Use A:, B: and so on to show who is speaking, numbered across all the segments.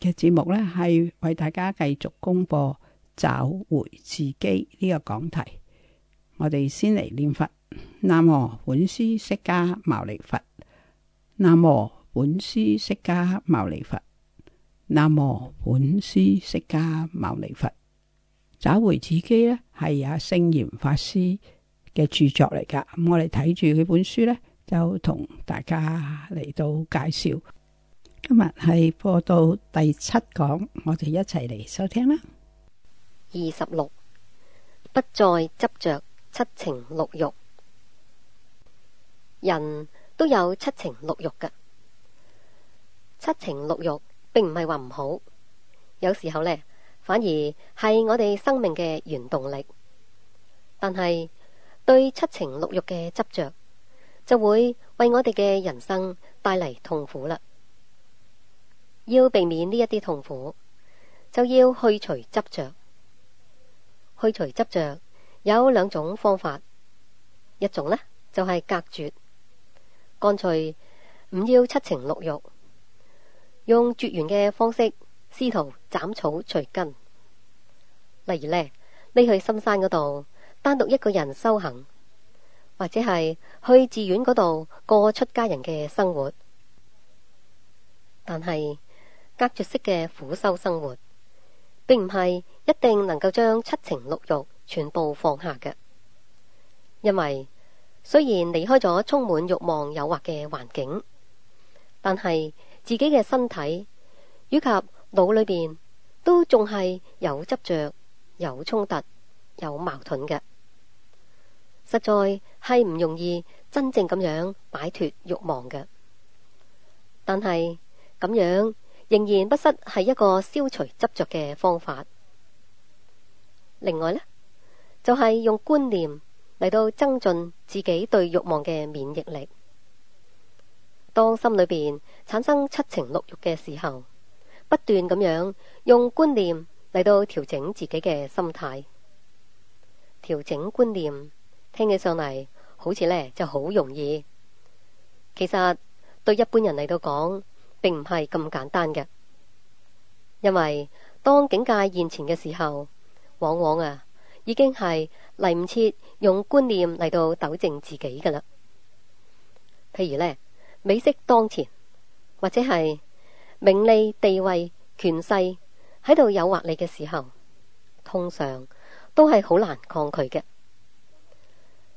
A: 嘅節目呢係為大家繼續公布找回自己呢個講題。我哋先嚟念佛：南無本師釋迦牟尼佛。南無本師釋迦牟尼佛。南無本師釋迦牟尼佛。找回自己呢係阿聖嚴法師嘅著作嚟㗎。咁我哋睇住佢本書呢，就同大家嚟到介紹。今日係播到第七講，我哋一齊嚟收
B: 聽啦。二十六，不再執着七情六欲，人都有七情六欲㗎。七情六欲並唔係話唔好，有時候呢，反而係我哋生命嘅原動力。但係對七情六欲嘅執着，就會為我哋嘅人生帶嚟痛苦啦。要避免呢一啲痛苦，就要去除執着。去除執着有兩種方法，一種呢，就係隔絕，乾脆唔要七情六欲，用絕緣嘅方式，試圖斬草除根。例如呢，你去深山嗰度單獨一個人修行，或者係去寺院嗰度過出家人嘅生活，但係。隔絕式嘅苦修生活，並唔係一定能夠將七情六欲全部放下嘅，因為雖然離開咗充滿欲望誘惑嘅環境，但係自己嘅身體以及腦裏邊都仲係有執着、有衝突、有矛盾嘅，實在係唔容易真正咁樣擺脫欲望嘅。但係咁樣。仍然不失係一個消除執着嘅方法。另外呢，就係用觀念嚟到增進自己對欲望嘅免疫力。當心裏邊產生七情六欲嘅時候，不斷咁樣用觀念嚟到調整自己嘅心態，調整觀念聽起上嚟好似呢就好容易，其實對一般人嚟到講。並唔係咁簡單嘅，因為當境界現前嘅時候，往往啊，已經係嚟唔切用觀念嚟到糾正自己㗎喇。譬如呢，美色當前，或者係名利、地位、權勢喺度誘惑你嘅時候，通常都係好難抗拒嘅。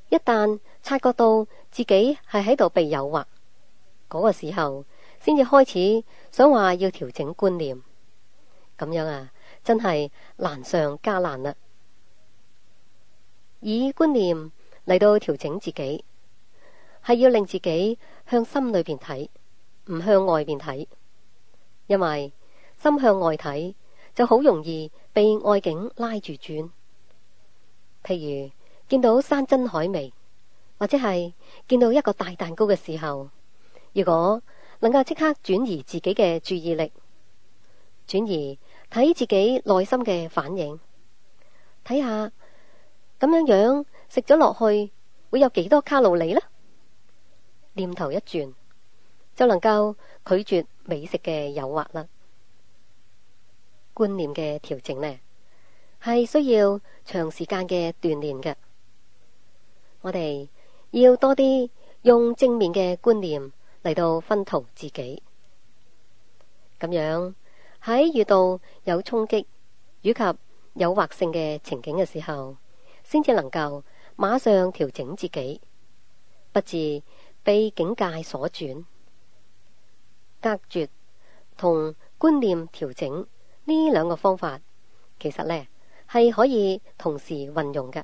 B: 一旦察覺到自己係喺度被誘惑，嗰個時候，先至開始想話要調整觀念，咁樣啊，真係難上加難啦。以觀念嚟到調整自己，係要令自己向心裏邊睇，唔向外邊睇，因為心向外睇就好容易被外境拉住轉。譬如見到山珍海味，或者係見到一個大蛋糕嘅時候，如果能夠即刻轉移自己嘅注意力，轉移睇自己內心嘅反應，睇下咁樣樣食咗落去會有幾多卡路里呢？念頭一轉就能夠拒絕美食嘅誘惑啦。觀念嘅調整呢，係需要長時間嘅鍛煉嘅。我哋要多啲用正面嘅觀念。嚟到分逃自己，咁樣喺遇到有衝擊以及誘惑性嘅情景嘅時候，先至能夠馬上調整自己，不至被境界所轉。隔絕同觀念調整呢兩個方法，其實呢係可以同時運用嘅。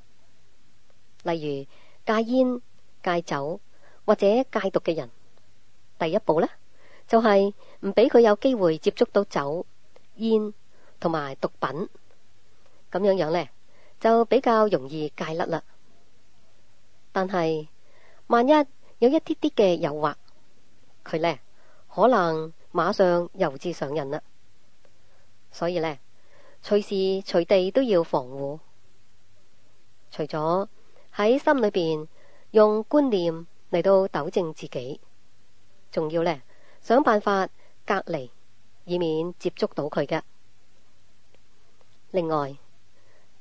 B: 例如戒煙、戒酒或者戒毒嘅人，第一步呢，就係唔俾佢有機會接觸到酒、煙同埋毒品，咁樣樣呢，就比較容易戒甩啦。但係萬一有一啲啲嘅誘惑，佢呢可能馬上又至上癮啦。所以呢，隨時隨地都要防護，除咗喺心裏邊用觀念嚟到糾正自己。仲要呢，想辦法隔離，以免接觸到佢嘅。另外，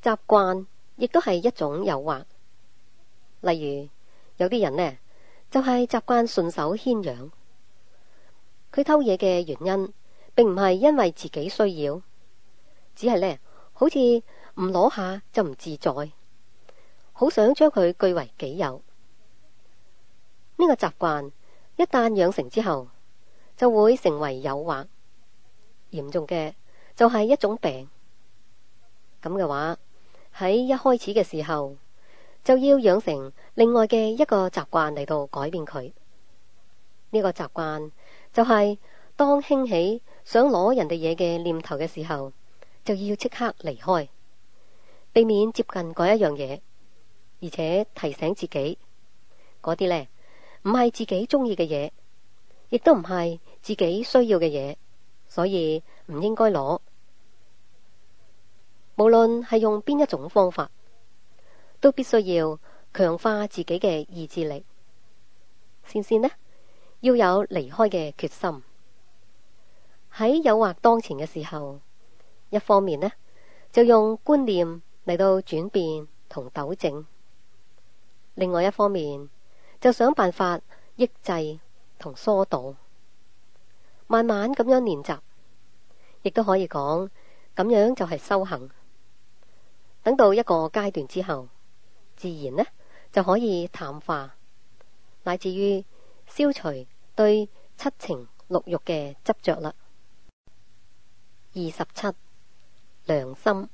B: 習慣亦都係一種誘惑。例如，有啲人呢，就係習慣順手牽羊。佢偷嘢嘅原因，並唔係因為自己需要，只係呢，好似唔攞下就唔自在，好想將佢據為己有。呢個習慣。一旦養成之後，就會成為誘惑，嚴重嘅就係一種病。咁嘅話，喺一開始嘅時候，就要養成另外嘅一個習慣嚟到改變佢。呢、這個習慣就係、是、當興起想攞人哋嘢嘅念頭嘅時候，就要即刻離開，避免接近嗰一樣嘢，而且提醒自己嗰啲呢。唔係自己中意嘅嘢，亦都唔係自己需要嘅嘢，所以唔應該攞。無論係用邊一種方法，都必須要強化自己嘅意志力。先先呢，要有離開嘅決心。喺誘惑當前嘅時候，一方面呢，就用觀念嚟到轉變同糾正；另外一方面，就想辦法抑制同疏導，慢慢咁樣練習，亦都可以講，咁樣就係修行。等到一個階段之後，自然呢，就可以淡化，乃至於消除對七情六欲嘅執着啦。二十七良心，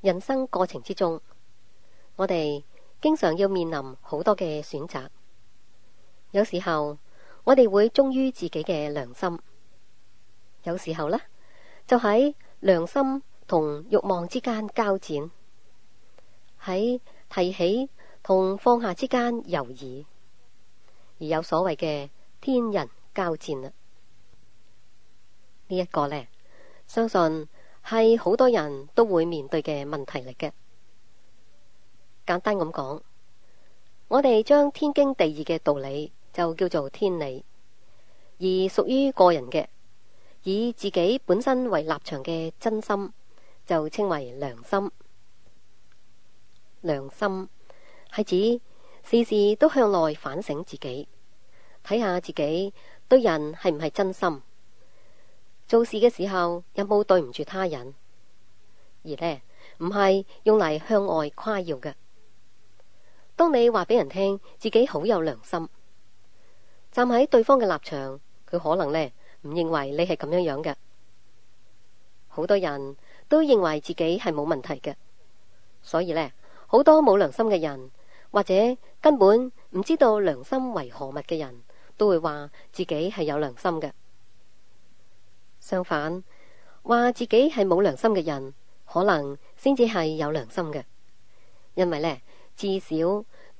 B: 人生過程之中，我哋。經常要面臨好多嘅選擇，有時候我哋會忠於自己嘅良心，有時候呢，就喺良心同慾望之間交戰，喺提起同放下之間猶豫，而有所謂嘅天人交戰啦。呢一個呢，相信係好多人都會面對嘅問題嚟嘅。簡單咁講，我哋將天經地義嘅道理就叫做天理，而屬於個人嘅以自己本身為立場嘅真心，就稱為良心。良心係指事事都向內反省自己，睇下自己對人係唔係真心，做事嘅時候有冇對唔住他人，而呢，唔係用嚟向外誇耀嘅。當你話俾人聽自己好有良心，站喺對方嘅立場，佢可能呢，唔認為你係咁樣樣嘅。好多人都認為自己係冇問題嘅，所以呢，好多冇良心嘅人或者根本唔知道良心為何物嘅人都會話自己係有良心嘅。相反，話自己係冇良心嘅人，可能先至係有良心嘅，因為呢，至少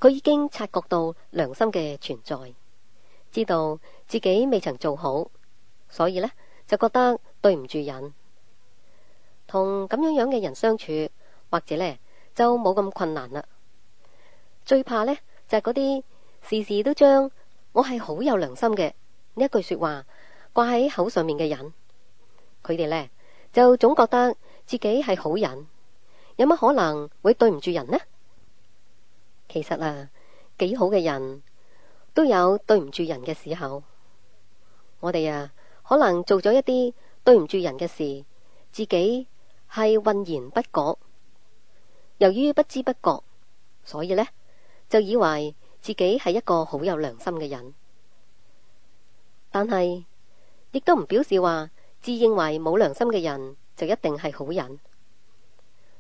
B: 佢已經察覺到良心嘅存在，知道自己未曾做好，所以呢，就覺得對唔住人。同咁樣樣嘅人相處，或者呢，就冇咁困難啦。最怕呢，就係嗰啲時時都將我係好有良心嘅呢一句說話掛喺口上面嘅人，佢哋呢，就總覺得自己係好人，有乜可能會對唔住人呢？其實啊，幾好嘅人都有對唔住人嘅時候。我哋啊，可能做咗一啲對唔住人嘅事，自己係渾然不覺。由於不知不覺，所以呢，就以為自己係一個好有良心嘅人。但係亦都唔表示話自認為冇良心嘅人就一定係好人。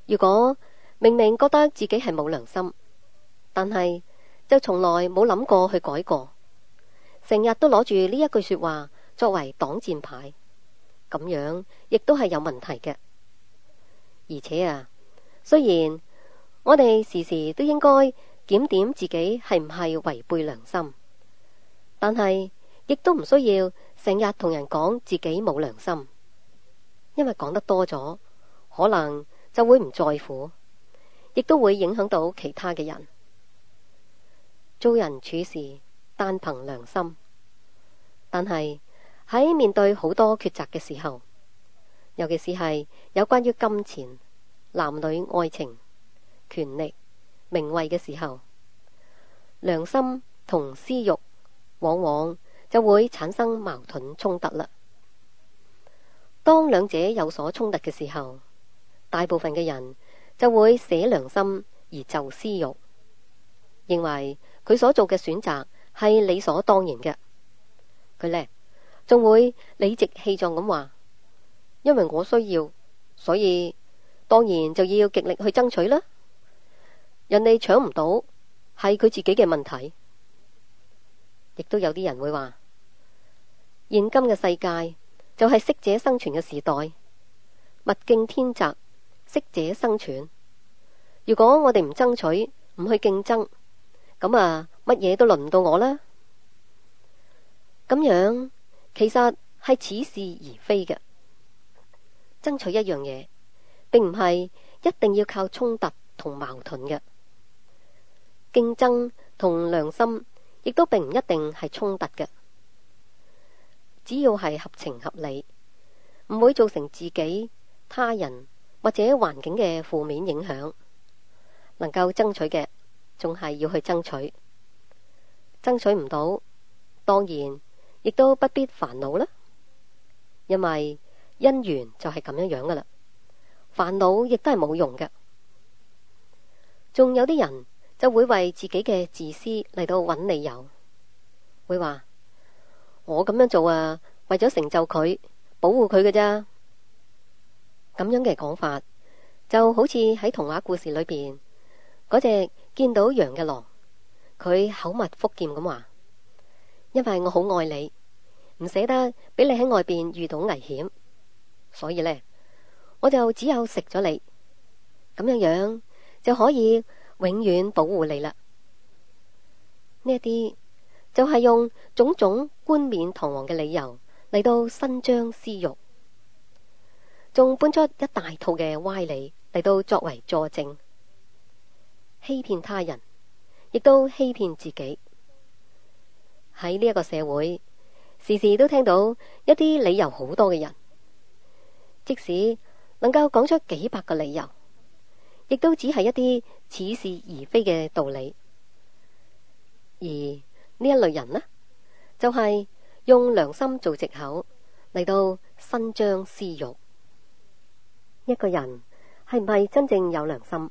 B: 如果明明覺得自己係冇良心，但係就從來冇諗過去改過，成日都攞住呢一句說話作為擋箭牌，咁樣亦都係有問題嘅。而且啊，雖然我哋時時都應該檢點自己係唔係違背良心，但係亦都唔需要成日同人講自己冇良心，因為講得多咗，可能就會唔在乎，亦都會影響到其他嘅人。做人處事單憑良心，但係喺面對好多抉擇嘅時候，尤其是係有關於金錢、男女、愛情、權力、名位嘅時候，良心同私欲往往就會產生矛盾衝突嘞。當兩者有所衝突嘅時候，大部分嘅人就會捨良心而就私欲，認為，佢所做嘅選擇係理所當然嘅，佢呢仲會理直氣壯咁話，因為我需要，所以當然就要極力去爭取啦。人哋搶唔到係佢自己嘅問題，亦都有啲人會話，現今嘅世界就係適者生存嘅時代，物競天擇，適者生存。如果我哋唔爭取，唔去競爭。咁啊，乜嘢都輪唔到我啦！咁樣其實係似是而非嘅，爭取一樣嘢，並唔係一定要靠衝突同矛盾嘅。競爭同良心，亦都並唔一定係衝突嘅，只要係合情合理，唔會造成自己、他人或者環境嘅負面影響，能夠爭取嘅。仲係要去爭取，爭取唔到，當然亦都不必煩惱啦。因為姻緣就係咁樣樣噶啦，煩惱亦都係冇用嘅。仲有啲人就會為自己嘅自私嚟到搵理由，會話我咁樣做啊，為咗成就佢，保護佢嘅啫。咁樣嘅講法就好似喺童話故事裏邊嗰隻。那個見到羊嘅狼，佢口蜜腹劍咁話：因為我好愛你，唔捨得俾你喺外邊遇到危險，所以呢，我就只有食咗你，咁樣樣就可以永遠保護你啦。呢一啲就係用種種冠冕堂皇嘅理由嚟到伸張私欲，仲搬出一大套嘅歪理嚟到作為佐證。欺騙他人，亦都欺騙自己。喺呢一個社會，時時都聽到一啲理由好多嘅人，即使能夠講出幾百個理由，亦都只係一啲似是而非嘅道理。而呢一類人呢，就係用良心做藉口嚟到伸張私欲。一個人係唔係真正有良心？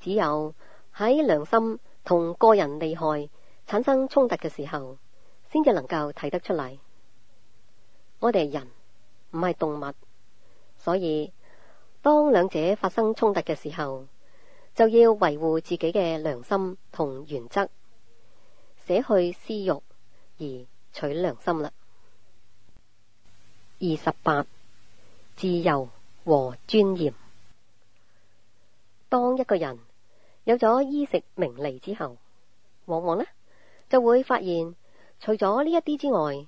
B: 只有喺良心同個人利害產生衝突嘅時候，先至能夠睇得出嚟。我哋係人，唔係動物，所以當兩者發生衝突嘅時候，就要維護自己嘅良心同原則，捨去私欲而取良心啦。二十八，自由和尊嚴。當一個人。有咗衣食名利之後，往往呢就會發現，除咗呢一啲之外，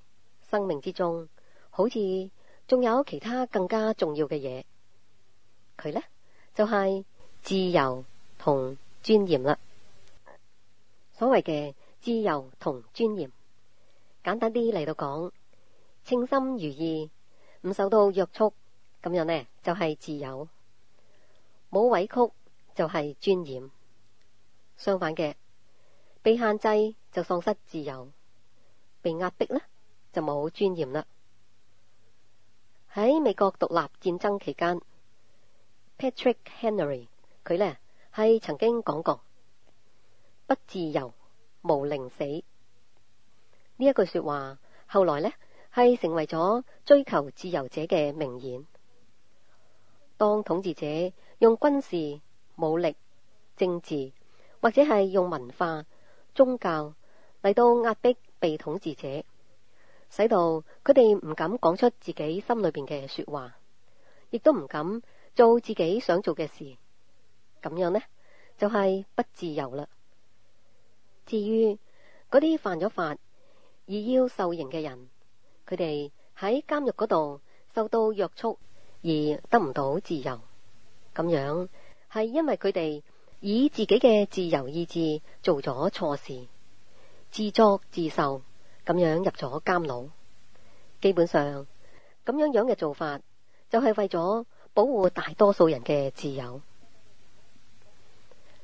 B: 生命之中好似仲有其他更加重要嘅嘢。佢呢就係自由同尊嚴啦。所謂嘅自由同尊嚴，簡單啲嚟到講，稱心如意，唔受到約束，咁樣呢就係自由；冇委屈就係尊嚴。相反嘅，被限制就喪失自由，被壓迫呢，就冇尊嚴啦。喺美國獨立戰爭期間，Patrick Henry 佢呢係曾經講過：不自由，無寧死。呢一句說話後來呢係成為咗追求自由者嘅名言。當統治者用軍事、武力、政治。或者係用文化、宗教嚟到壓迫被統治者，使到佢哋唔敢講出自己心裏邊嘅說話，亦都唔敢做自己想做嘅事，咁樣呢，就係不自由啦。至於嗰啲犯咗法而要受刑嘅人，佢哋喺監獄嗰度受到約束而得唔到自由，咁樣係因為佢哋。以自己嘅自由意志做咗錯事，自作自受咁樣入咗監牢。基本上咁樣樣嘅做法就係、是、為咗保護大多數人嘅自由。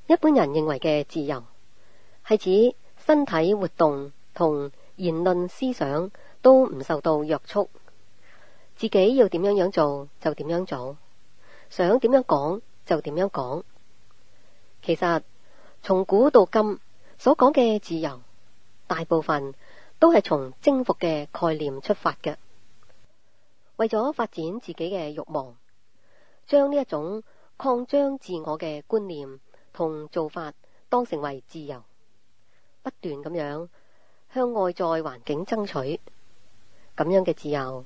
B: 一般人認為嘅自由係指身體活動同言論思想都唔受到約束，自己要點樣樣做就點樣做，想點樣講就點樣講。其實從古到今，所講嘅自由，大部分都係從征服嘅概念出發嘅。為咗發展自己嘅慾望，將呢一種擴張自我嘅觀念同做法，當成為自由，不斷咁樣向外在環境爭取，咁樣嘅自由，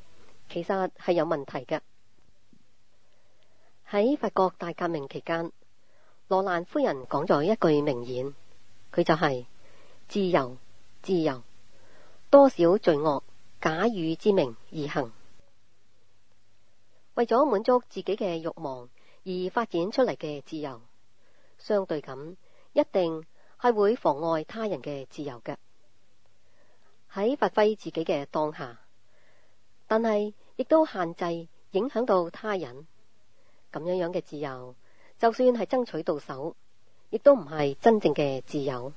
B: 其實係有問題嘅。喺法國大革命期間，羅蘭夫人講咗一句名言，佢就係、是：自由，自由，多少罪惡假汝之名而行。為咗滿足自己嘅欲望而發展出嚟嘅自由，相對咁一定係會妨礙他人嘅自由嘅。喺發揮自己嘅當下，但係亦都限制影響到他人咁樣樣嘅自由。就算係爭取到手，亦都唔係真正嘅自由。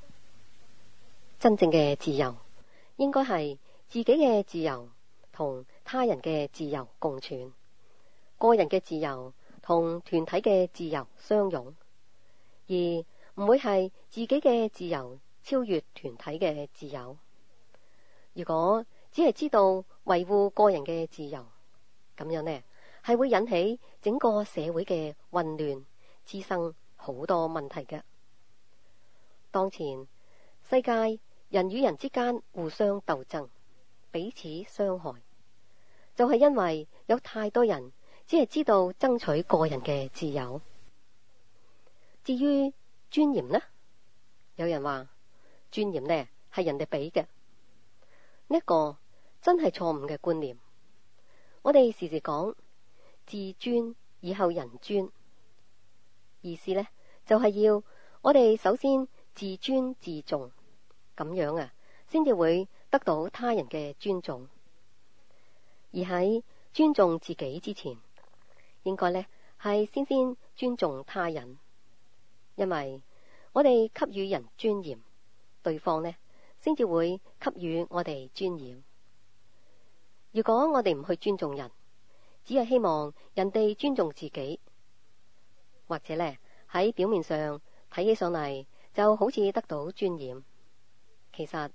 B: 真正嘅自由應該係自己嘅自由同他人嘅自由共存，個人嘅自由同團體嘅自由相擁，而唔會係自己嘅自由超越團體嘅自由。如果只係知道維護個人嘅自由，咁樣呢係會引起整個社會嘅混亂。滋生好多問題嘅。當前，世界人與人之間互相鬥爭，彼此傷害，就係、是、因為有太多人只係知道爭取個人嘅自由。至於尊嚴呢？有人話，尊嚴呢係人哋俾嘅，呢個真係錯誤嘅觀念。我哋時時講自尊，以後人尊。意思呢，就係要我哋首先自尊自重咁樣啊，先至會得到他人嘅尊重。而喺尊重自己之前，應該呢係先先尊重他人，因為我哋給予人尊嚴，對方呢先至會給予我哋尊嚴。如果我哋唔去尊重人，只係希望人哋尊重自己。或者呢，喺表面上睇起上嚟就好似得到尊嚴，其實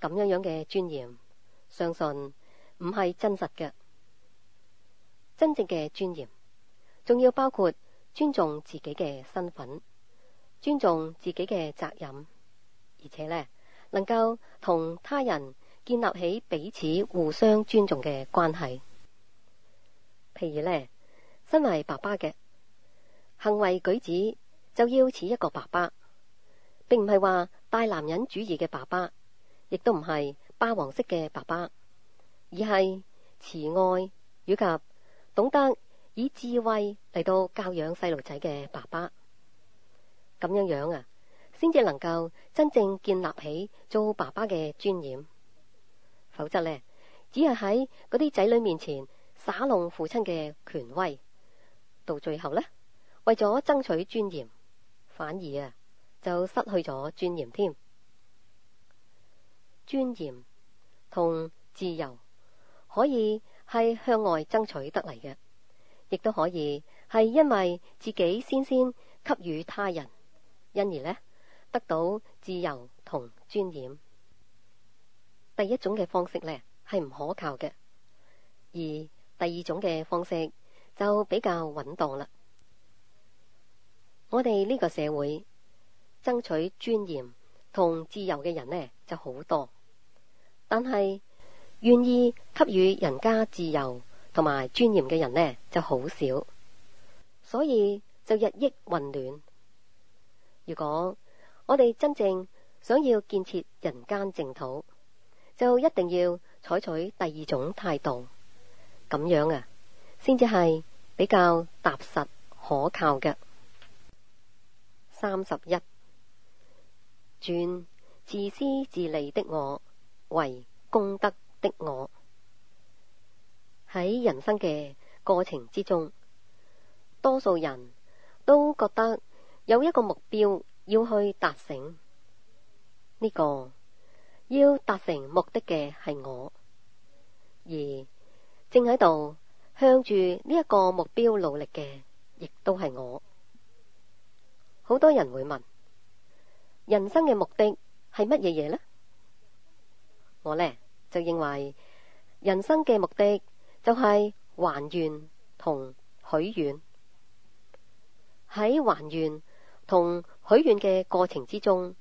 B: 咁樣樣嘅尊嚴，相信唔係真實嘅。真正嘅尊嚴，仲要包括尊重自己嘅身份，尊重自己嘅責任，而且呢，能夠同他人建立起彼此互相尊重嘅關係。譬如呢，身為爸爸嘅。行為舉止就要似一個爸爸，並唔係話大男人主義嘅爸爸，亦都唔係霸王式嘅爸爸，而係慈愛與及懂得以智慧嚟到教養細路仔嘅爸爸。咁樣樣啊，先至能夠真正建立起做爸爸嘅尊嚴。否則呢，只係喺嗰啲仔女面前耍弄父親嘅權威，到最後呢。為咗爭取尊嚴，反而啊就失去咗尊嚴添。尊嚴同自由可以係向外爭取得嚟嘅，亦都可以係因為自己先先給予他人，因而呢，得到自由同尊嚴。第一種嘅方式呢，係唔可靠嘅，而第二種嘅方式就比較穩當啦。我哋呢個社會爭取尊嚴同自由嘅人呢就好多，但係願意給予人家自由同埋尊嚴嘅人呢就好少，所以就日益混亂。如果我哋真正想要建設人間淨土，就一定要採取第二種態度，咁樣啊，先至係比較踏實可靠嘅。三十一，31，轉自私自利的我為功德的我，喺人生嘅過程之中，多數人都覺得有一個目標要去達成，呢、這個要達成目的嘅係我，而正喺度向住呢一個目標努力嘅，亦都係我。好多人會問，人生嘅目的係乜嘢嘢呢？我呢，就認為人生嘅目的就係還願同許願。喺還願同許願嘅過程之中，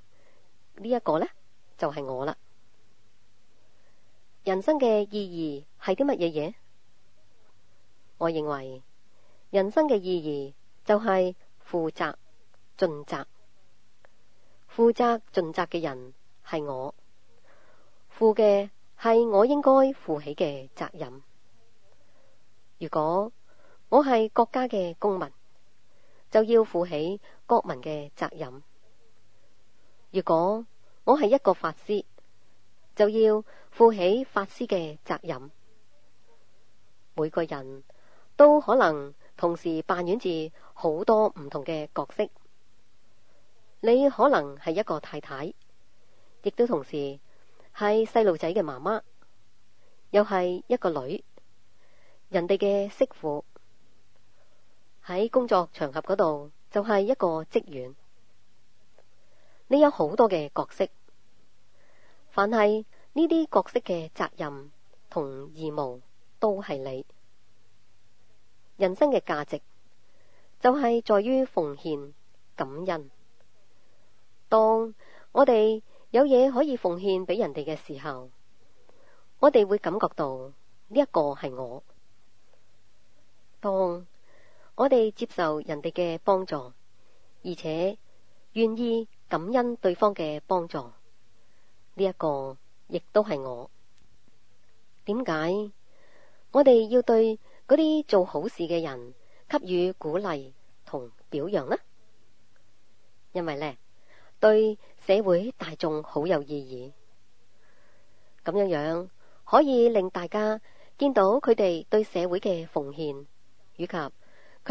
B: 呢、這、一個呢，就係、是、我啦。人生嘅意義係啲乜嘢嘢？我認為人生嘅意義就係負責。盡責，負責盡責嘅人係我，負嘅係我應該負起嘅責任。如果我係國家嘅公民，就要負起國民嘅責任；如果我係一個法師，就要負起法師嘅責任。每個人都可能同時扮演住好多唔同嘅角色。你可能係一個太太，亦都同時係細路仔嘅媽媽，又係一個女，人哋嘅媳婦，喺工作場合嗰度，就係一個職員。你有好多嘅角色，凡係呢啲角色嘅責任同義務都係你，人生嘅價值，就係在於奉獻、感恩。當我哋有嘢可以奉獻俾人哋嘅時候，我哋會感覺到呢一個係我；當我哋接受人哋嘅幫助，而且願意感恩對方嘅幫助，呢一個亦都係我。點解我哋要對嗰啲做好事嘅人給予鼓勵同表揚呢？因為呢。對社會大眾好有意義，咁樣樣可以令大家見到佢哋對社會嘅奉獻，以及佢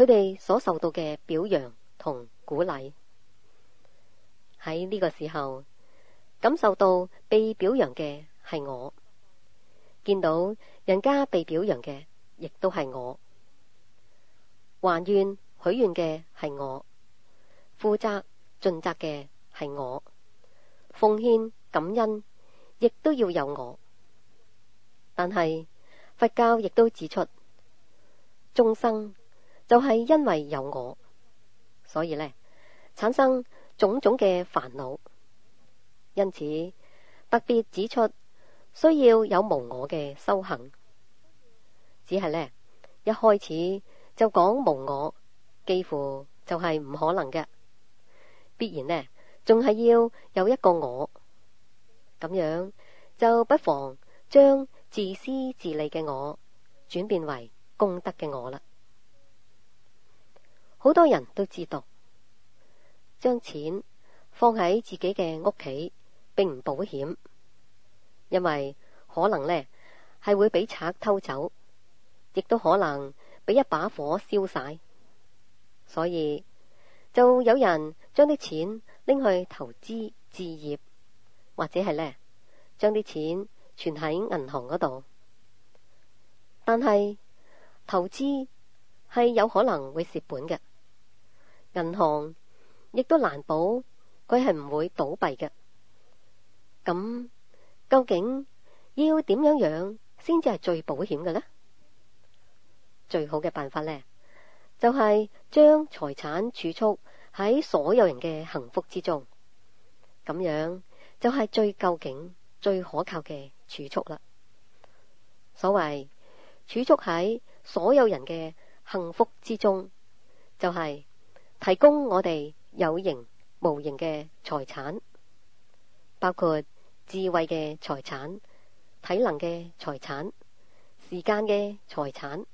B: 哋所受到嘅表揚同鼓勵。喺呢個時候，感受到被表揚嘅係我，見到人家被表揚嘅亦都係我，還願、許願嘅係我，負責、盡責嘅係我奉獻感恩，亦都要有我。但係佛教亦都指出，眾生就係因為有我，所以呢，產生種種嘅煩惱。因此特別指出需要有無我嘅修行。只係呢一開始就講無我，幾乎就係唔可能嘅，必然呢。仲係要有一個我咁樣，就不妨將自私自利嘅我轉變為功德嘅我啦。好多人都知道，將錢放喺自己嘅屋企並唔保險，因為可能呢係會俾賊偷走，亦都可能俾一把火燒晒。所以就有人將啲錢。拎去投資置業，或者係呢，將啲錢存喺銀行嗰度。但係投資係有可能會蝕本嘅，銀行亦都難保佢係唔會倒閉嘅。咁究竟要點樣樣先至係最保險嘅呢？最好嘅辦法呢，就係將財產儲蓄。喺所有人嘅幸福之中，咁樣就係最究竟、最可靠嘅儲蓄啦。所謂儲蓄喺所有人嘅幸福之中，就係提供我哋有形、無形嘅財產，包括智慧嘅財產、體能嘅財產、時間嘅財產，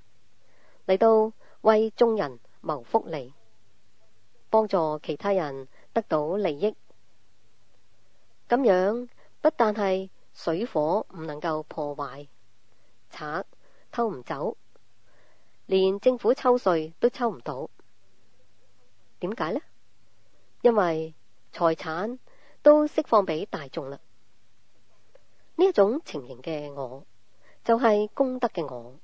B: 嚟到為眾人謀福利。幫助其他人得到利益，咁樣不但係水火唔能夠破壞，賊偷唔走，連政府抽稅都抽唔到。點解呢？因為財產都釋放俾大眾啦。呢一種情形嘅我，就係功德嘅我。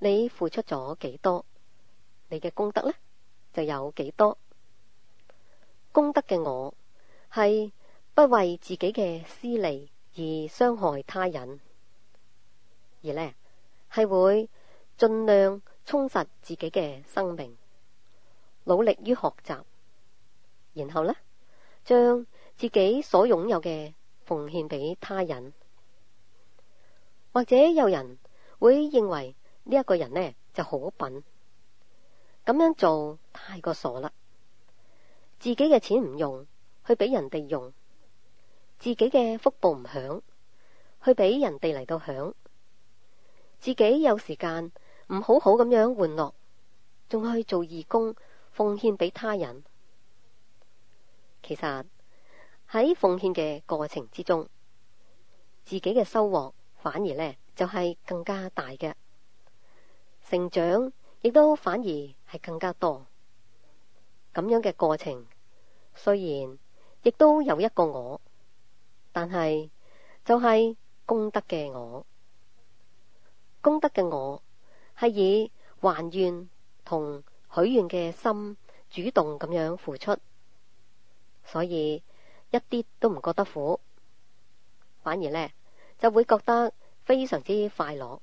B: 你付出咗幾多？你嘅功德呢？就有幾多功德嘅我，係不為自己嘅私利而傷害他人，而呢係會盡量充實自己嘅生命，努力於學習，然後呢將自己所擁有嘅奉獻俾他人。或者有人會認為呢一個人呢就好品。咁樣做太過傻啦！自己嘅錢唔用，去俾人哋用；自己嘅福報唔享，去俾人哋嚟到享。自己有時間唔好好咁樣玩樂，仲去做義工奉獻俾他人。其實喺奉獻嘅過程之中，自己嘅收穫反而呢，就係更加大嘅成長。亦都反而係更加多咁樣嘅過程，雖然亦都有一個我，但係就係功德嘅我，功德嘅我係以還願同許願嘅心主動咁樣付出，所以一啲都唔覺得苦，反而呢就會覺得非常之快樂。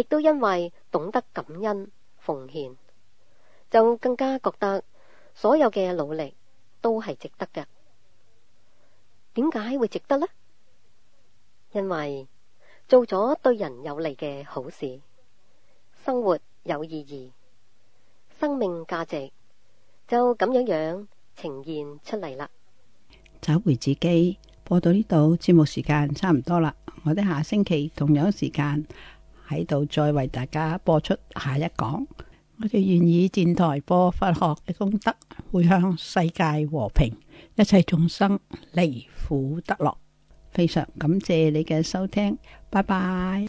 B: 亦都因為懂得感恩奉獻，就更加覺得所有嘅努力都係值得嘅。點解會值得呢？因為做咗對人有利嘅好事，生活有意義，生命價值就咁樣樣呈現出嚟啦。
A: 找回自己，播到呢度，節目時間差唔多啦。我哋下星期同樣時間。喺度再為大家播出下一講，我哋願意電台播佛學嘅功德，迴向世界和平，一切眾生離苦得樂。非常感謝你嘅收聽，拜拜。